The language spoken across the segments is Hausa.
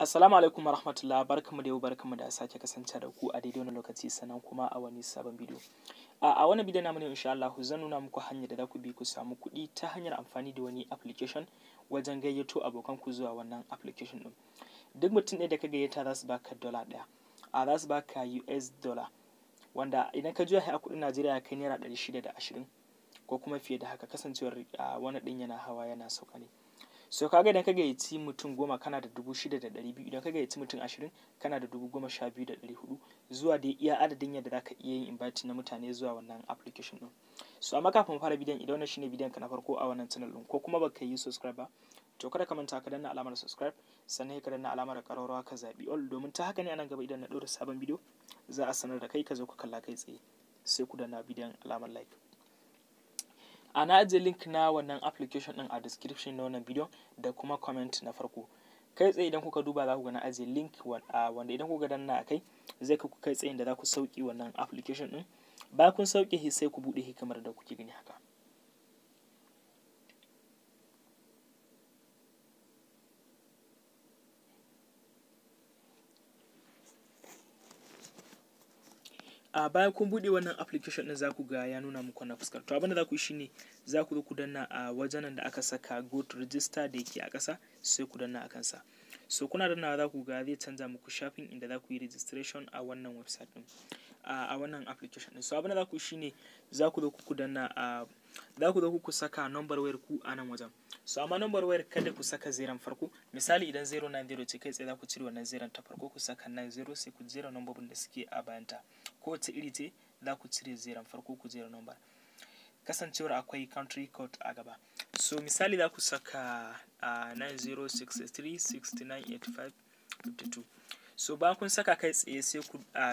Assalamu alaikum wa rahmatullah barkamu da yau barkamu da sake kasance da ku a daidai wani lokaci sannan kuma a wani sabon bidiyo. A wannan bidiyo namu ne insha Allah zan nuna muku hanyar da za ku bi ku samu kuɗi ta hanyar amfani da wani application wajen gayyato abokan ku zuwa wannan application din. Duk mutum ɗaya da ka gayyata za su baka dola ɗaya. A za su baka US dollar wanda idan ka juya a kuɗin Najeriya ya kai naira ɗari shida da ashirin ko kuma fiye da haka kasancewar wani ɗin yana hawa yana sauka ne. so kaga idan ka gayyaci mutum goma kana da dubu shida da ɗari biyu idan ka gayyaci mutum ashirin kana da dubu goma sha biyu da ɗari hudu zuwa dai iya adadin yadda za ka iya yin invite na mutane zuwa wannan application ɗin so amma kafin fara bidiyon idan wannan shine bidiyon ka na farko a wannan channel ɗin ko kuma baka yi subscribe ba to kada ka manta ka danna alamar subscribe sannan ka danna alamar ƙararrawa ka zaɓi all domin ta haka ne anan gaba idan na ɗora sabon bidiyo za a sanar da kai ka zo ka kalla kai tsaye sai ku danna bidiyon alamar like a na ajiye link na wannan application din a description na wannan bidiyon da kuma comment na farko kai tsaye idan kuka duba za ku ga na ajiye link wanda idan kuka danna a kai zai kai ku kai da za ku sauki wannan application din bayan kun sauke sai ku buɗe shi kamar da kuke gani haka a bayan kun buɗe wannan application ɗin za ku ga ya nuna muku na fuskar to abinda za ku yi shine za ku zo ku danna a wajen nan da aka saka go to register da yake a ƙasa sai ku danna a kansa so kuna dannawa za ku ga zai canza muku shafin inda za ku yi registration a wannan website ɗin a wannan application ɗin so abinda za ku yi shine za ku zo ku danna a za ku zo ku saka number wayar ku a nan wajen so amma number wayar kada ku saka zeran farko misali idan 090 ce kai tsaye za ku cire wannan zeran ta farko ku saka 90 sai ku number nambobin da suke a bayanta kowace iri ce za ku cire zeren farko ku zera number kasancewar akwai country code a gaba so misali za ku saka uh, 52. so bayan kun saka kai tsaye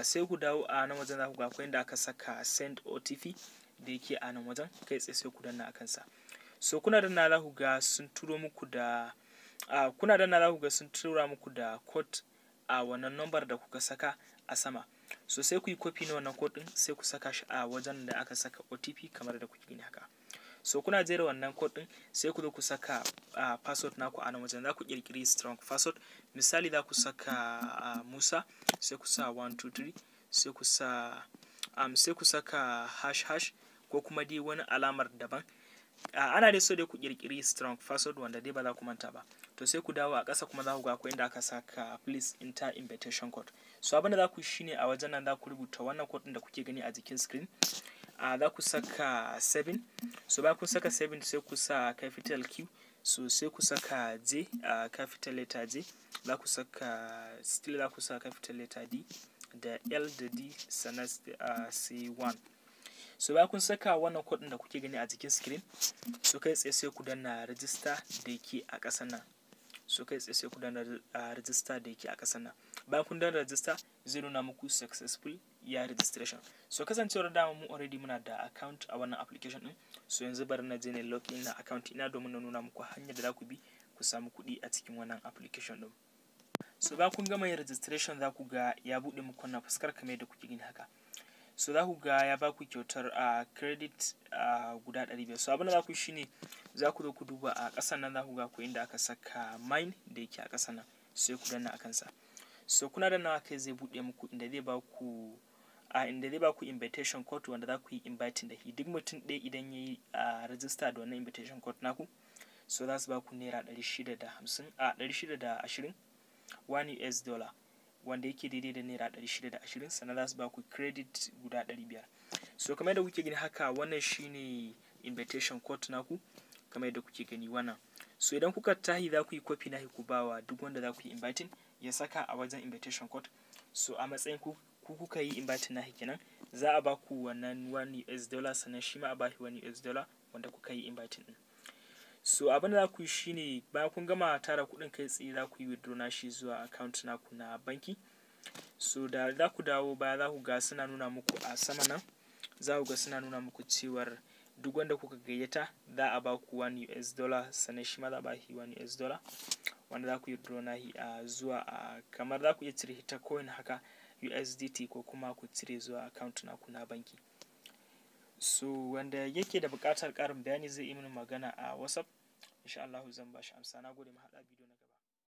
sai ku dawo a nan wajen za ku ga akwai inda aka saka send otp da yake a nan wajen kai tsaye sai ku danna a kansa so kuna danna za ku ga sun turo muku da uh, kuna danna za ku ga sun tura muku da code a uh, wannan number da kuka saka a sama so sai ku yi copy na wannan code din sai ku saka shi a wajen da aka saka OTP kamar da kuke gani haka so kuna jera wannan code din sai ku zo ku saka uh, password naku a nan wajen za ku kirkiri strong password misali za ku saka uh, Musa sai ku sa 123 sai ku sa um, sai ku saka hash hash ko kuma dai wani alamar daban ana da so dai ku kirkiri strong password wanda dai ba za ku manta ba to sai ku dawo a ƙasa kuma za ku ga akwai inda aka saka please enter invitation code so abin da za ku shine a wajen nan za ku rubuta wannan code din da kuke gani a jikin screen a za ku saka 7 so ba ku saka 7 sai ku sa capital q so sai ku saka j a capital letter j za ku saka still za ku sa capital letter d da l da d sannan sai 1 so bayan kun saka wannan code da kuke gani a jikin screen so kai tsaye sai ku danna register da yake a ƙasan nan so kai tsaye sai ku danna register da yake a ƙasan nan bayan kun danna register zai nuna muku successful ya registration so kasancewar da mu already muna da account a wannan application din so yanzu bari na je ne in na account ina domin na nuna muku hanyar da za ku bi ku samu kuɗi a cikin wannan application din so ba kun gama yin registration za ku ga ya buɗe muku wannan fuskar kamar yadda kuke gani haka so za ku ga ya ba ku kyautar a credit guda 500 so abin da za ku shine za ku zo ku duba a ƙasan nan za ku ga ku inda aka saka mine da yake a ƙasan nan sai ku danna akan sa so kuna danna kai zai buɗe muku inda zai baku a inda zai ku invitation code wanda za ku yi inviting da shi duk mutum ɗaya idan ya yi a register da wannan invitation code naku so za su baku naira 650 a 620 1 US dollar wanda yake daidai da naira ɗari shida da ashirin sannan za su ba ku credit guda ɗari biyar so kamar da kuke gani haka wannan shine invitation code naku kamar yadda kuke gani wannan so idan kuka tahi za ku yi copy na ku bawa duk wanda za ku yi inviting ya saka a wajen invitation code so a matsayin ku ku kuka yi inviting nahi kenan za a ba ku wannan 1 US dollar sannan shi ma a ba shi 1 US dollar wanda kuka yi inviting din so abin da za ku yi shine bayan kun gama tara kuɗin kai tsaye za ku yi withdraw na shi zuwa account naku na banki so da za ku dawo baya za ku ga suna nuna muku a sama nan za ku ga suna nuna muku cewar duk wanda kuka gayyata za a ba ku 1 US dollar sannan shi ma za ba shi 1 US dollar wanda za ku yi withdraw shi a zuwa a kamar za ku iya cire ta coin haka USDT ko kuma ku cire zuwa account naku na banki so wanda yake da buƙatar ƙarin bayani zai yi mini magana a whatsapp insha zan bashi shi amsa na gode mahaɗa bidiyo